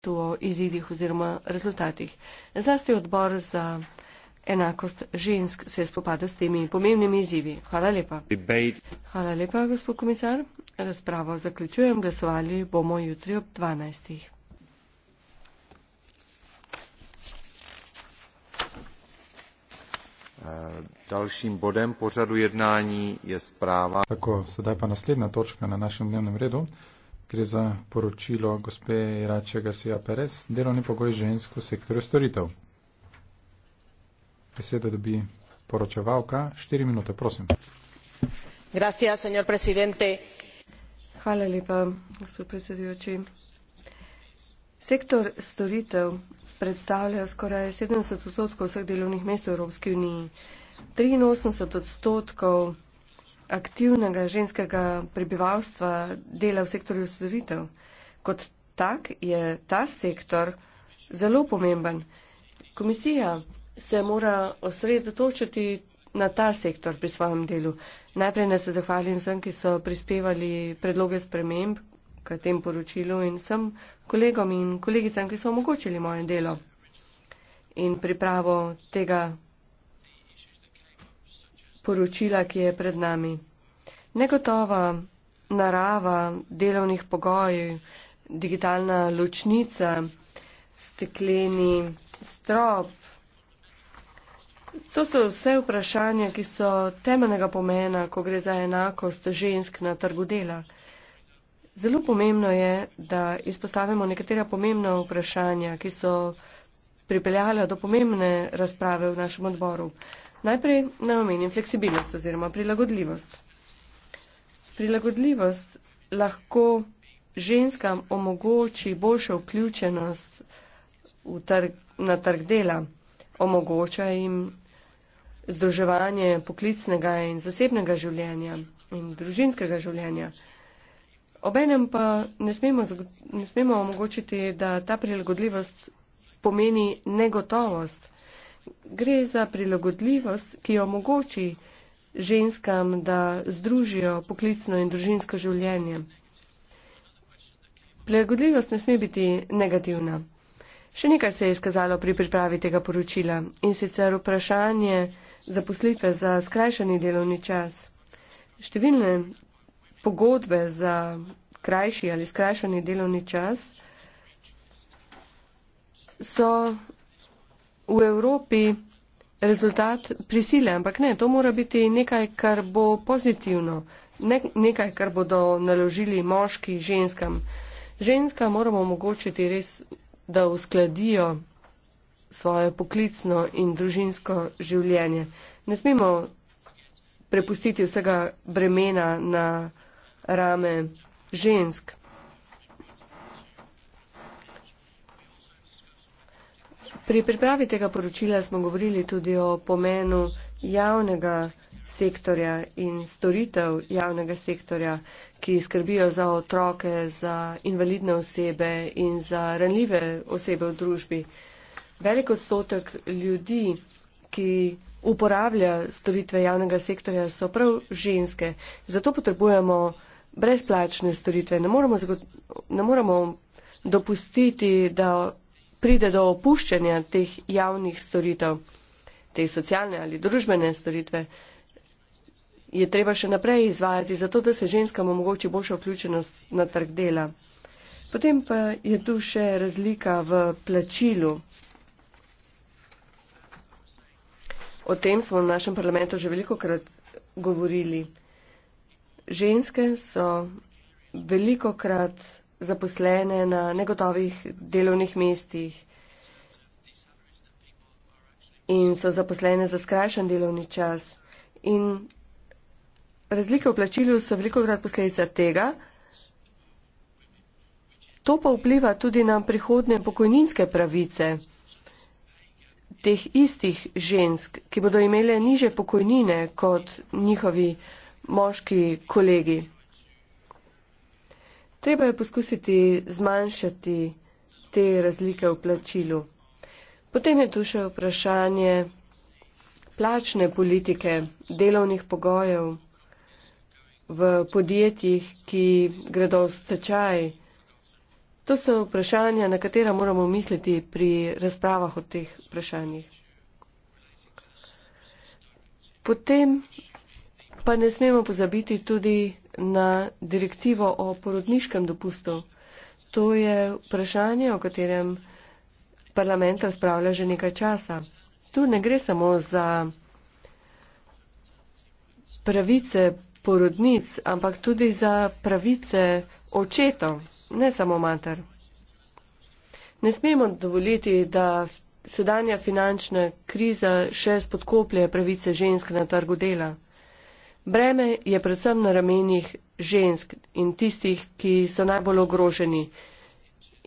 tu o izidih oziroma rezultatih. Zlasti odbor za enakost žensk se je spopadal s temi pomembnimi izzivi. Hvala lepa. Debate. Hvala lepa, gospod komisar. Razpravo zaključujem. Glasovali bomo jutri ob 12. Eh, dalším bodem pořadu jednání je zpráva. Tako, sedaj pa naslednja točka na našem dnevnem redu. Gre za poročilo gospe Irače Garcia Perez, delovni pogoj žensk v sektorju storitev. Beseda dobi poročevalka. Štiri minute, prosim. Gracias, señor presidente. Hvala lepa, gospod predsedujoči. Sektor storitev predstavlja skoraj 70 odstotkov vseh delovnih mest v Evropski uniji. 83 odstotkov aktivnega ženskega prebivalstva dela v sektorju sodovitev. Kot tak je ta sektor zelo pomemben. Komisija se mora osredotočiti na ta sektor pri svojem delu. Najprej ne se zahvalim vsem, ki so prispevali predloge sprememb k tem poročilu in vsem kolegom in kolegicam, ki so omogočili moje delo in pripravo tega poročila, ki je pred nami. Negotova narava delovnih pogojev, digitalna ločnica, stekleni strop. To so vse vprašanja, ki so temeljnega pomena, ko gre za enakost žensk na trgu dela. Zelo pomembno je, da izpostavimo nekatera pomembna vprašanja, ki so pripeljala do pomembne razprave v našem odboru. Najprej ne omenim fleksibilnost oziroma prilagodljivost. Prilagodljivost lahko ženskam omogoči boljšo vključenost v trg, na trg dela, omogoča jim združevanje poklicnega in zasebnega življenja in družinskega življenja. Obenem pa ne smemo, ne smemo omogočiti, da ta prilagodljivost pomeni negotovost gre za prilagodljivost, ki omogoči ženskam, da združijo poklicno in družinsko življenje. Prilagodljivost ne sme biti negativna. Še nekaj se je izkazalo pri pripravi tega poročila in sicer vprašanje zaposlitve za skrajšani delovni čas. Številne pogodbe za krajši ali skrajšani delovni čas so v Evropi rezultat prisile, ampak ne, to mora biti nekaj, kar bo pozitivno, ne, nekaj, kar bodo naložili moški ženskam. Ženska moramo omogočiti res, da uskladijo svoje poklicno in družinsko življenje. Ne smemo prepustiti vsega bremena na rame žensk. Pri pripravi tega poročila smo govorili tudi o pomenu javnega sektorja in storitev javnega sektorja, ki skrbijo za otroke, za invalidne osebe in za ranljive osebe v družbi. Velik odstotek ljudi, ki uporablja storitve javnega sektorja, so prav ženske. Zato potrebujemo brezplačne storitve. Ne moremo, ne moremo dopustiti, da pride do opuščanja teh javnih storitev, te socialne ali družbene storitve, je treba še naprej izvajati, zato da se ženskam omogoči boljša vključenost na trg dela. Potem pa je tu še razlika v plačilu. O tem smo v našem parlamentu že veliko krat govorili. Ženske so veliko krat zaposlene na negotovih delovnih mestih in so zaposlene za skrajšan delovni čas. In razlike v plačilju so veliko krat posledica tega. To pa vpliva tudi na prihodne pokojninske pravice teh istih žensk, ki bodo imele niže pokojnine kot njihovi moški kolegi. Treba je poskusiti zmanjšati te razlike v plačilu. Potem je tu še vprašanje plačne politike, delovnih pogojev v podjetjih, ki gredo v stečaj. To so vprašanja, na katera moramo misliti pri razpravah o teh vprašanjih. Potem pa ne smemo pozabiti tudi na direktivo o porodniškem dopustu. To je vprašanje, o katerem parlament razpravlja že nekaj časa. Tu ne gre samo za pravice porodnic, ampak tudi za pravice očetov, ne samo mater. Ne smemo dovoliti, da sedanja finančna kriza še spodkoplje pravice žensk na trgu dela. Breme je predvsem na ramenih žensk in tistih, ki so najbolj ogroženi.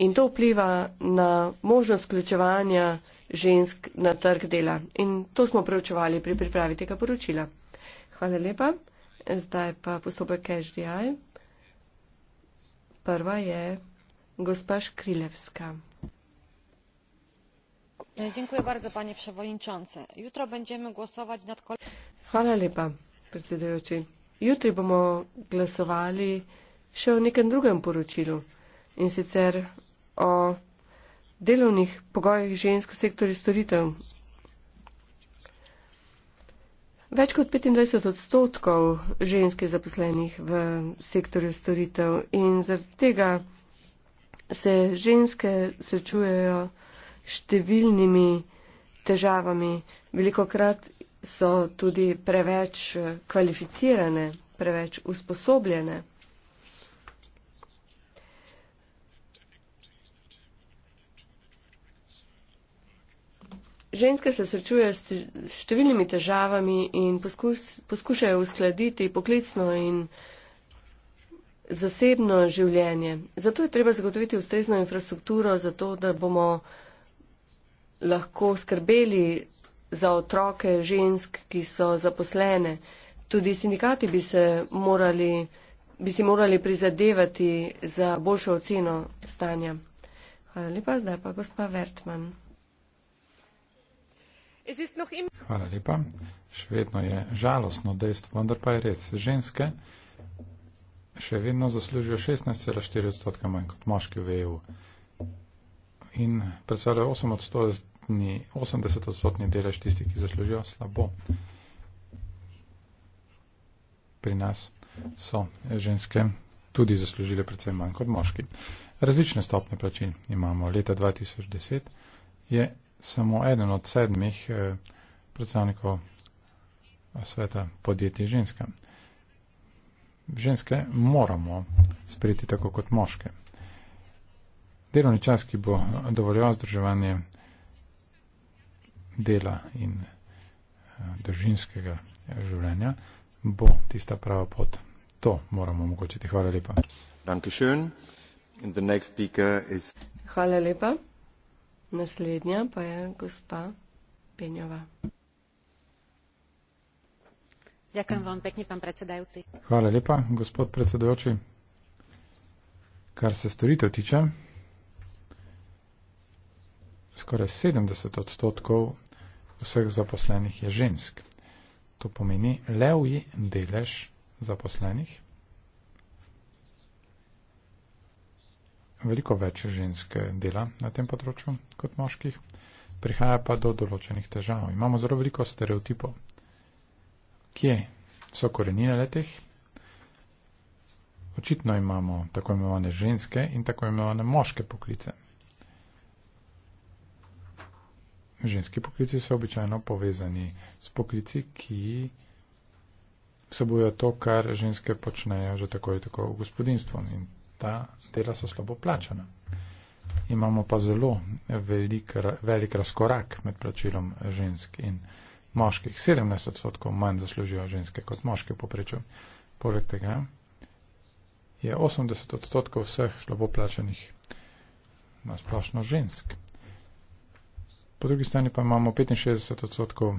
In to vpliva na možnost vključevanja žensk na trg dela. In to smo preučevali pri pripravi tega poročila. Hvala lepa. Zdaj pa postopek HDI. Prva je gospa Škrilevska. Hvala lepa predsedujoči. Jutri bomo glasovali še o nekem drugem poročilu in sicer o delovnih pogojih žensk v sektorju storitev. Več kot 25 odstotkov žensk je zaposlenih v sektorju storitev in zaradi tega se ženske srečujejo številnimi težavami, veliko krat so tudi preveč eh, kvalificirane, preveč usposobljene. Ženske se srečujejo s številnimi težavami in poskus, poskušajo uskladiti poklicno in zasebno življenje. Zato je treba zagotoviti ustrezno infrastrukturo, zato da bomo lahko skrbeli za otroke žensk, ki so zaposlene. Tudi sindikati bi, morali, bi si morali prizadevati za boljšo oceno stanja. Hvala lepa, zdaj pa gospa Vertman. Hvala lepa. Še vedno je žalostno dejstvo, vendar pa je res. Ženske še vedno zaslužijo 16,4 odstotka manj kot moški v EU in predstavljajo 8 odstotkov 80-odstotni 80 delež tistih, ki zaslužijo slabo. Pri nas so ženske tudi zaslužile predvsem manj kot moški. Različne stopne plačil imamo. Leta 2010 je samo eden od sedmih eh, predstavnikov eh, sveta podjetij ženska. Ženske moramo sprejeti tako kot moške. Delovni čas, ki bo dovoljeval združevanje dela in eh, družinskega življenja, bo tista prava pot. To moramo omogočiti. Hvala lepa. Hvala lepa. Naslednja pa je gospa Penjova. Vam, pekni, Hvala lepa, gospod predsedujoči. Kar se storitev tiče, skoraj 70 odstotkov vseh zaposlenih je žensk. To pomeni levji delež zaposlenih. Veliko več žensk dela na tem področju kot moških. Prihaja pa do določenih težav. Imamo zelo veliko stereotipov. Kje so korenine letih? Očitno imamo tako imenovane ženske in tako imenovane moške poklice. ženski poklici so običajno povezani s poklici, ki vsebujejo to, kar ženske počnejo že tako in tako v gospodinstvu. In ta dela so slabo plačana. Imamo pa zelo velik, velik razkorak med plačilom žensk in moških. 17 odstotkov manj zaslužijo ženske kot moške v poprečju. Poleg tega je 80 odstotkov vseh slabo plačanih na splošno žensk po drugi strani pa imamo 65 odstotkov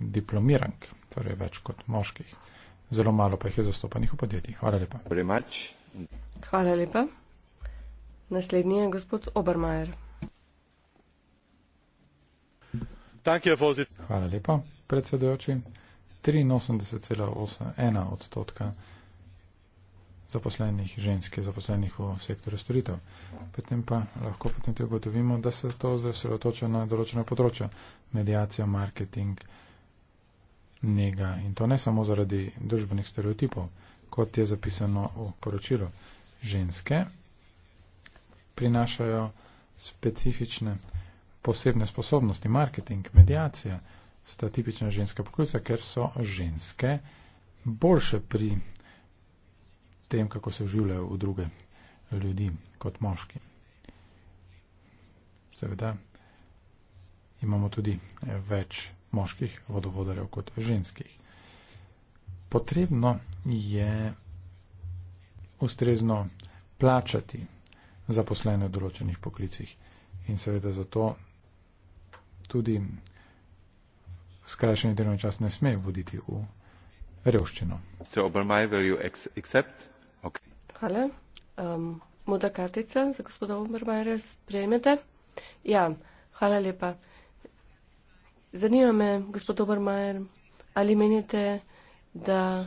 diplomirank, torej več kot moških. Zelo malo pa jih je zastopanih v podjetjih. Hvala lepa. Hvala lepa. Naslednji je gospod Obermajer. Hvala lepa, predsedujoči. 83,81 odstotka zaposlenih ženske, zaposlenih v sektorju storitev. Potem pa lahko potem tudi ugotovimo, da se to osredotoča na določena področja. Medijacija, marketing, nega in to ne samo zaradi družbenih stereotipov, kot je zapisano v poročilu. Ženske prinašajo specifične posebne sposobnosti. Marketing, medijacija sta tipična ženska poklica, ker so ženske boljše pri tem, kako se vživljajo v druge ljudi kot moški. Seveda imamo tudi več moških vodovodarjev kot ženskih. Potrebno je ustrezno plačati zaposlene v določenih poklicih in seveda zato tudi skrajšanje delovni čas ne sme voditi v revščino. Mr. Obermeyer, will you accept Hvala. Um, moda Katica za gospoda Obermajera, sprejmete? Ja, hvala lepa. Zanima me, gospod Obermajer, ali menite, da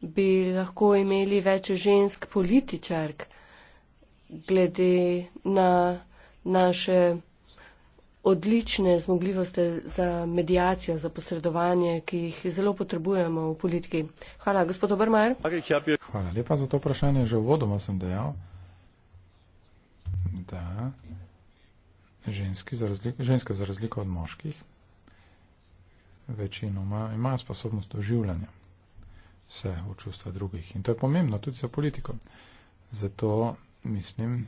bi lahko imeli več žensk političark glede na naše odlične zmogljivosti za medijacijo, za posredovanje, ki jih zelo potrebujemo v politiki. Hvala, gospod Obermajer. Hvala lepa za to vprašanje. Že v vodoma sem dejal, da za razliko, ženske za razliko od moških večinoma imajo sposobnost oživljanja se v čustva drugih. In to je pomembno tudi za politiko. Zato mislim,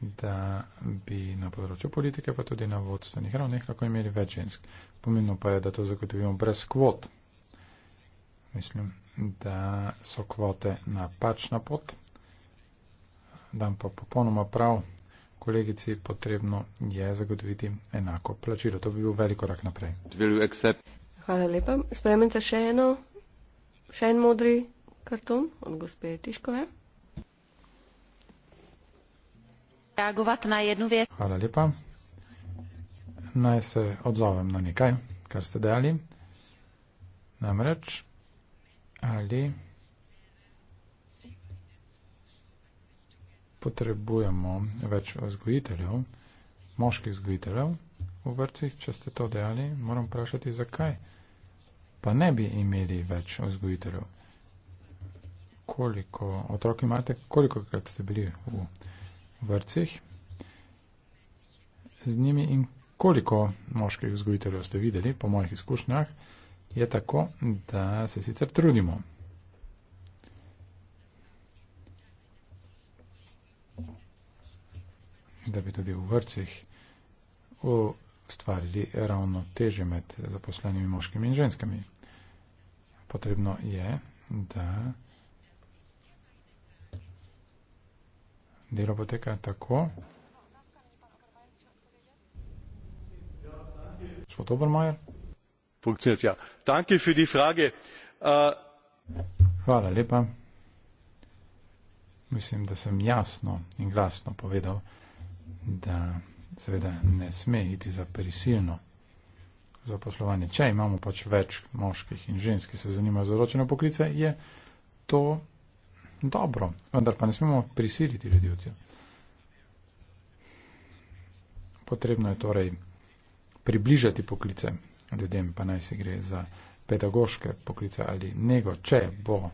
da bi na področju politike, pa tudi na vodstvenih ravneh, lahko imeli več žensk. Pomembno pa je, da to zagotovimo brez kvot. Mislim, da so kvote napačna pot. Dam pa popolnoma prav, kolegici potrebno je zagotoviti enako plačilo. To bi bil velik korak naprej. Hvala lepa. Sprejmete še eno, še en modri karton od gospe Tiškove. Reagovati na jednu vec. Hvala lepa. Naj se odzovem na nekaj, kar ste dejali. Namreč ali potrebujemo več vzgojiteljev, moških vzgojiteljev v vrcih, če ste to dejali, moram vprašati, zakaj pa ne bi imeli več vzgojiteljev. Koliko otrok imate, koliko krat ste bili v vrcih z njimi in koliko moških vzgojiteljev ste videli, po mojih izkušnjah, je tako, da se sicer trudimo. da bi tudi v vrcih ustvarili ravno teže med zaposlenimi moškimi in ženskami. Potrebno je, da delo poteka tako. Gospod Obermajer funktioniert. Ja, danke für die frage. Äh, Hvala lepa. Mislim, da sem jasno in glasno povedal, da seveda ne sme iti za prisilno zaposlovanje. Če imamo pač več moških in žensk, ki se zanimajo za določene poklice, je to dobro, vendar pa ne smemo prisiliti ljudi v to. Potrebno je torej približati poklice ljudem, pa naj se gre za pedagoške poklice ali nego, če bo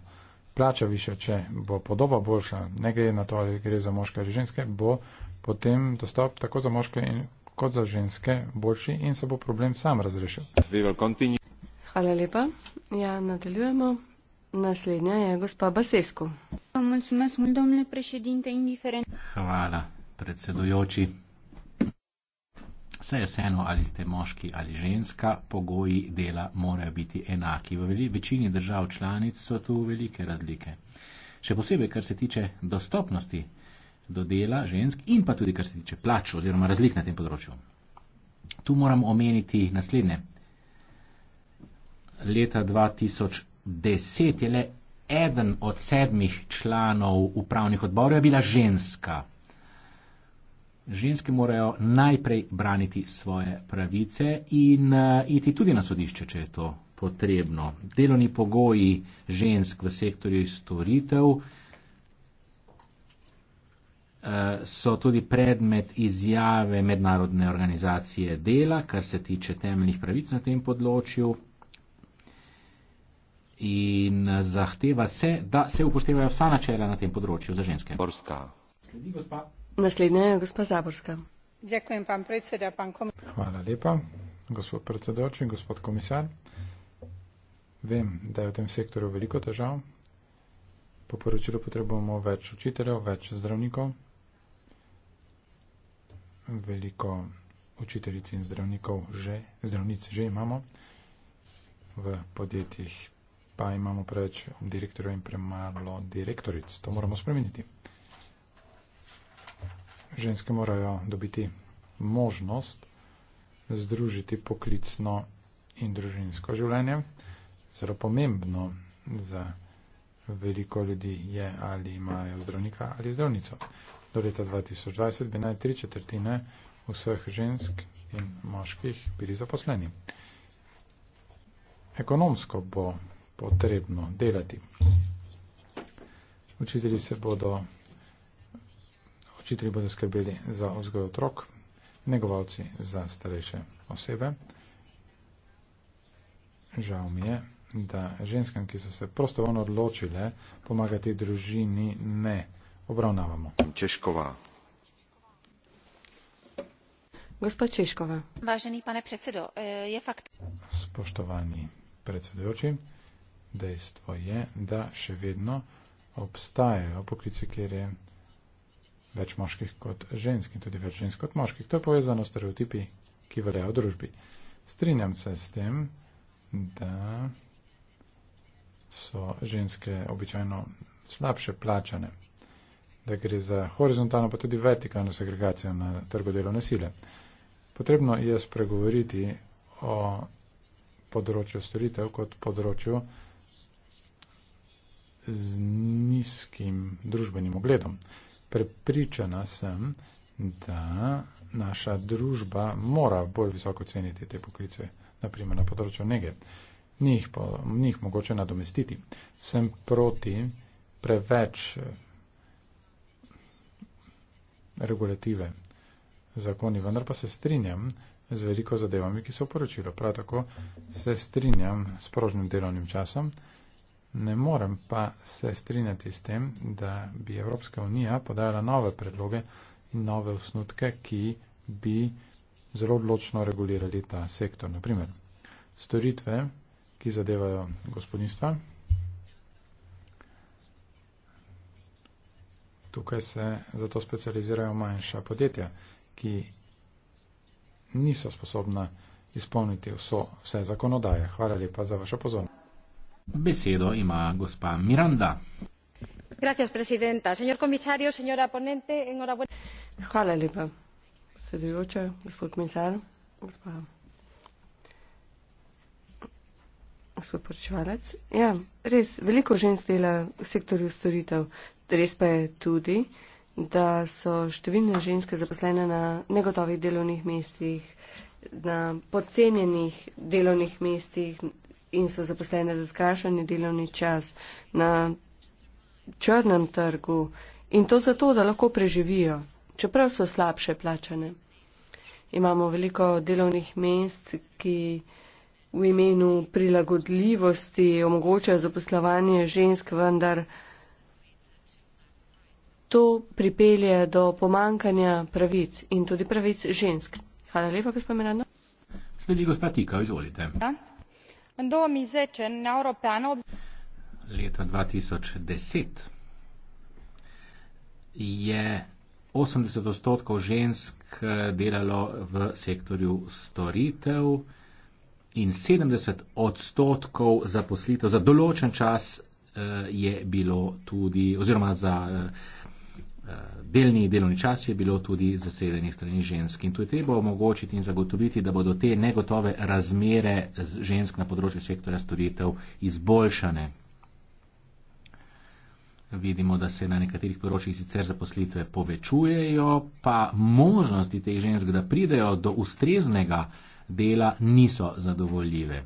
plača više, če bo podoba boljša, ne glede na to, ali gre za moške ali ženske, bo potem dostop tako za moške in, kot za ženske boljši in se bo problem sam razrešil. Hvala lepa. Ja, nadaljujemo. Naslednja je gospa Basesko. Hvala, predsedujoči. Saj je vseeno, ali ste moški ali ženska, pogoji dela morajo biti enaki. V večini držav članic so tu velike razlike. Še posebej, kar se tiče dostopnosti do dela žensk in pa tudi, kar se tiče plač oziroma razlik na tem področju. Tu moram omeniti naslednje. Leta 2010 je le eden od sedmih članov upravnih odborov bila ženska ženske morajo najprej braniti svoje pravice in uh, iti tudi na sodišče, če je to potrebno. Delovni pogoji žensk v sektorju storitev eh, so tudi predmet izjave mednarodne organizacije dela, kar se tiče temeljnih pravic na tem področju. In eh, zahteva se, da se upoštevajo vsa načela na tem področju za ženske. Borska. Sledi gospa. Naslednja je gospa Zaborska. Ďakujem, pán predseda, pán komisár. Hvala lepa, gospod predsedoči, gospod komisár. Vem, da je v tem sektorju veliko težav. Po poročilu potrebujemo več učiteljev, več zdravnikov, veliko učiteljic in zdravnikov že, zdravnic že imamo, v podjetjih pa imamo preveč direktorjev in premalo direktoric. To moramo spremeniti ženske morajo dobiti možnost združiti poklicno in družinsko življenje. Zelo pomembno za veliko ljudi je, ali imajo zdravnika ali zdravnico. Do leta 2020 bi naj tri četrtine vseh žensk in moških bili zaposleni. Ekonomsko bo potrebno delati. Učitelji se bodo Pač učitelji bodo skrbeli za vzgoj otrok, negovalci za starejše osebe. Žal mi je, da ženskam, ki so se prostovoljno odločile pomagati družini, ne obravnavamo. Češkova. Gospod Češkova. Vážený pane predsedo, eh, je fakt. Spoštovani predsedujoči, dejstvo je, da še vedno obstajajo poklice, kjer je več moških kot žensk in tudi več žensk kot moških. To je povezano s stereotipi, ki veljajo v družbi. Strinjam se s tem, da so ženske običajno slabše plačane, da gre za horizontalno pa tudi vertikalno segregacijo na trgu delovne sile. Potrebno je spregovoriti o področju storitev kot področju z nizkim družbenim ogledom prepričana sem, da naša družba mora bolj visoko ceniti te poklice, naprimer na področju nege. Njih, po, njih mogoče nadomestiti. Sem proti preveč eh, regulative zakoni, vendar pa se strinjam z veliko zadevami, ki so poročilo. Prav tako se strinjam s prožnim delovnim časom. Ne morem pa se strinjati s tem, da bi Evropska unija podajala nove predloge in nove osnutke, ki bi zelo odločno regulirali ta sektor. Naprimer, storitve, ki zadevajo gospodinstva. Tukaj se zato specializirajo manjša podjetja, ki niso sposobna izpolniti vso, vse zakonodaje. Hvala lepa za vašo pozornost. Besedo ima gospa Miranda. Gracias, presidenta. Señor comisario, señora ponente, enhorabuena. Hvala lepa, predsedujoča, gospod komisar, gospa, gospod poročevalec. Ja, res, veliko žensk dela v sektorju storitev. Res pa je tudi, da so številne ženske zaposlene na negotovih delovnih mestih, na podcenjenih delovnih mestih, in so zaposlene za skrašeni delovni čas na črnem trgu in to zato, da lahko preživijo, čeprav so slabše plačane. Imamo veliko delovnih mest, ki v imenu prilagodljivosti omogočajo zaposlovanje žensk, vendar to pripelje do pomankanja pravic in tudi pravic žensk. Hvala lepa, gospod Miranda. Sledi gospod Tika, izvolite. Da? în 2010 în Uniunea Europeană... Leta 2010 je 80 odstotkov žensk delalo v sektorju storitev in 70 odstotkov zaposlitev za določen čas eh, je bilo tudi, oziroma za eh, Eh, delni delovni čas je bilo tudi zasedeni strani žensk. In tu je treba omogočiti in zagotoviti, da bodo te negotove razmere žensk na področju sektora storitev izboljšane. Vidimo, da se na nekaterih področjih sicer zaposlitve povečujejo, pa možnosti teh žensk, da pridejo do ustreznega dela, niso zadovoljive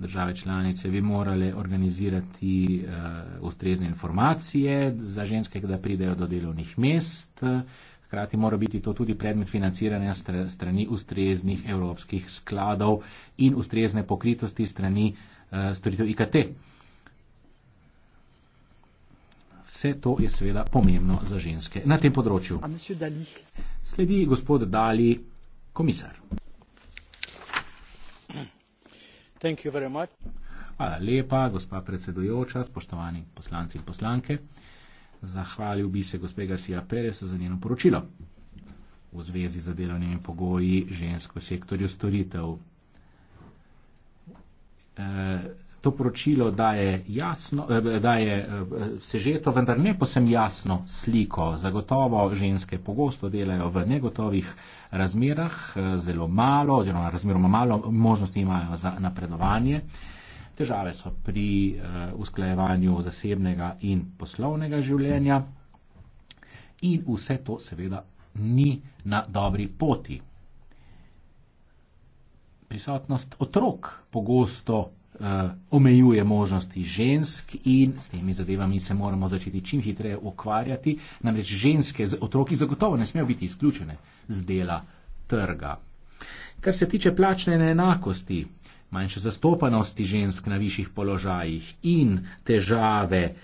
države članice bi morale organizirati uh, ustrezne informacije za ženske, da pridejo do delovnih mest. Hkrati mora biti to tudi predmet financiranja strani ustreznih evropskih skladov in ustrezne pokritosti strani uh, storitev IKT. Vse to je seveda pomembno za ženske na tem področju. Sledi gospod Dali, komisar. Hvala lepa, gospa predsedujoča, spoštovani poslanci in poslanke. Zahvalil bi se gospe Garcia Perez za njeno poročilo v zvezi z delovnimi pogoji žensk v sektorju storitev. Eh, to poročilo daje, jasno, eh, eh, daje eh, sežeto, vendar ne posem jasno sliko. Zagotovo ženske pogosto delajo v negotovih razmerah, zelo malo oziroma razmeroma malo možnosti imajo za napredovanje. Težave so pri usklajevanju zasebnega in poslovnega življenja in vse to seveda ni na dobri poti. Prisotnost otrok pogosto Eh, omejuje možnosti žensk in s temi zadevami se moramo začeti čim hitreje ukvarjati. Namreč ženske z otroki zagotovo ne smejo biti izključene z dela trga. Kar se tiče plačne neenakosti, manjše zastopanosti žensk na višjih položajih in težave eh,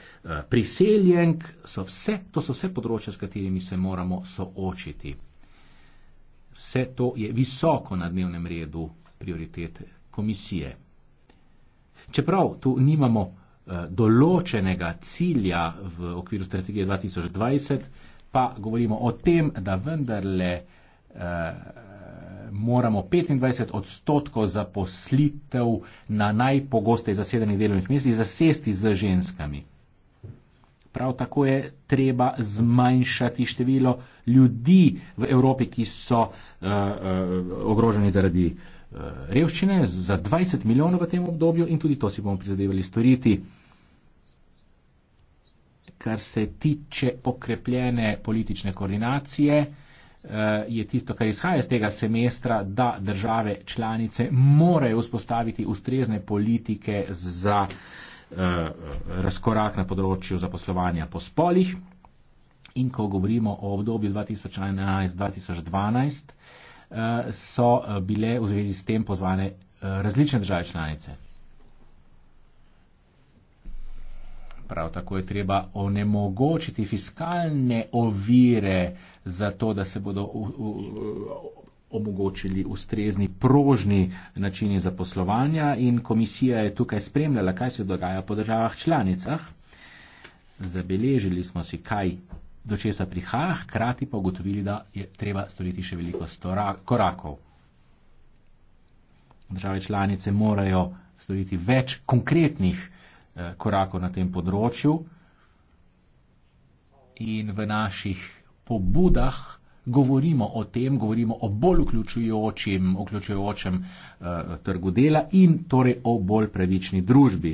priseljenk, so vse, to so vse področja, s katerimi se moramo soočiti. Vse to je visoko na dnevnem redu prioritete komisije. Čeprav tu nimamo eh, določenega cilja v okviru strategije 2020, pa govorimo o tem, da vendarle eh, moramo 25 odstotkov zaposlitev na najpogosteje zasedenih delovnih mestih zasesti z ženskami. Prav tako je treba zmanjšati število ljudi v Evropi, ki so eh, eh, ogroženi zaradi eh, Eh, revščine za 20 milijonov v tem obdobju in tudi to si bomo prizadevali storiti. Kar se tiče okrepljene politične koordinacije, eh, je tisto, kar izhaja iz tega semestra, da države članice morajo vzpostaviti ustrezne politike za eh, razkorak na področju zaposlovanja po spolih. In ko govorimo o obdobju 2011-2012, Eh, so eh, bile v zvezi s tem pozvane eh, različne države članice. Prav tako je treba onemogočiti fiskalne ovire za to, da se bodo omogočili ustrezni prožni načini zaposlovanja in komisija je tukaj spremljala, kaj se dogaja po državah članicah. Zabeležili smo si, kaj do česa prihaja, hkrati pa ugotovili, da je treba storiti še veliko korakov. Države članice morajo storiti več konkretnih eh, korakov na tem področju in v naših pobudah govorimo o tem, govorimo o bolj vključujočem, vključujočem uh, trgu dela in torej o bolj pravični družbi.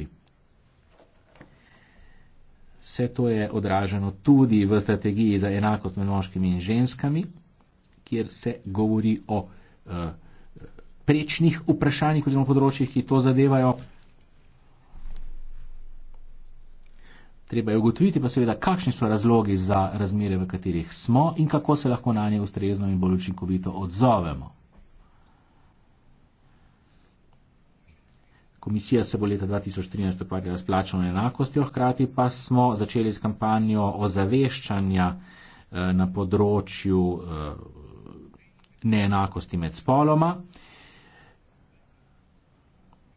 Vse to je odraženo tudi v strategiji za enakost med moškimi in ženskami, kjer se govori o eh, prečnih vprašanjih oziroma področjih, ki to zadevajo. Treba je ugotoviti pa seveda, kakšni so razlogi za razmere, v katerih smo in kako se lahko na nje ustrezno in bolj učinkovito odzovemo. Komisija se bo leta 2013 ukvarjala s plačno enakostjo, hkrati pa smo začeli s kampanjo ozaveščanja eh, na področju eh, neenakosti med spoloma.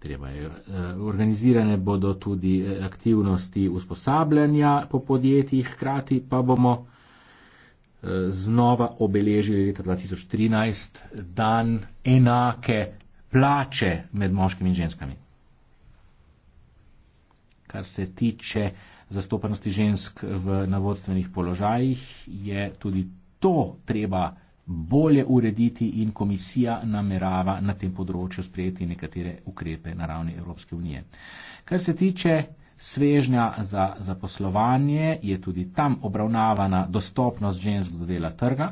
Eh, organizirane bodo tudi aktivnosti usposabljanja po podjetjih, hkrati pa bomo znova obeležili leta 2013 dan enake plače med moškimi in ženskami kar se tiče zastopanosti žensk v navodstvenih položajih, je tudi to treba bolje urediti in komisija namerava na tem področju sprejeti nekatere ukrepe na ravni Evropske unije. Kar se tiče svežnja za zaposlovanje, je tudi tam obravnavana dostopnost žensk do dela trga.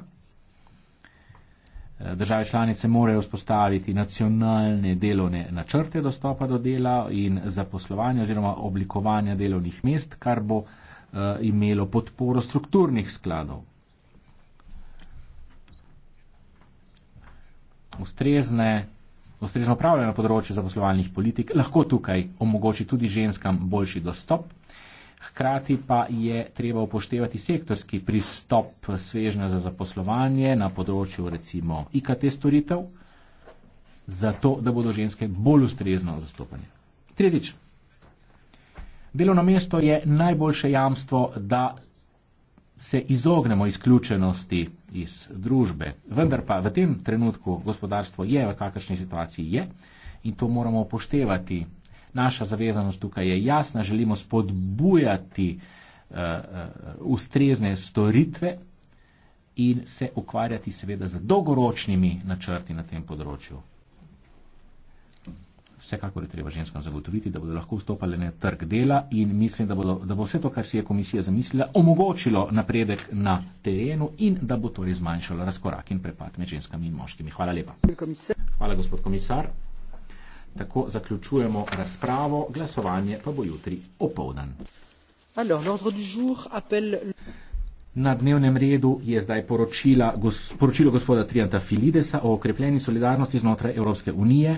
Države članice morajo vzpostaviti nacionalne delovne načrte dostopa do dela in zaposlovanja oziroma oblikovanja delovnih mest, kar bo eh, imelo podporo strukturnih skladov. Ustrezne, ustrezno upravljanje na področju zaposlovalnih politik lahko tukaj omogoči tudi ženskam boljši dostop. Hkrati pa je treba upoštevati sektorski pristop svežna za zaposlovanje na področju recimo IKT storitev, zato da bodo ženske bolj ustrezno zastopanje. Tretjič. Delovno mesto je najboljše jamstvo, da se izognemo izključenosti iz družbe. Vendar pa v tem trenutku gospodarstvo je, v kakršni situaciji je, in to moramo upoštevati Naša zavezanost tukaj je jasna, želimo spodbujati uh, uh, ustrezne storitve in se ukvarjati seveda z dolgoročnimi načrti na tem področju. Vsekakor je treba ženskam zagotoviti, da bodo lahko vstopali na trg dela in mislim, da, bodo, da bo vse to, kar si je komisija zamislila, omogočilo napredek na terenu in da bo torej zmanjšalo razkorak in prepad med ženskami in moškimi. Hvala lepa. Hvala, gospod komisar. Tako zaključujemo razpravo, glasovanje pa bo jutri opovdan. Na dnevnem redu je zdaj poročila, gos, poročilo gospoda Trianta Filidesa o okrepljeni solidarnosti znotraj Evropske unije.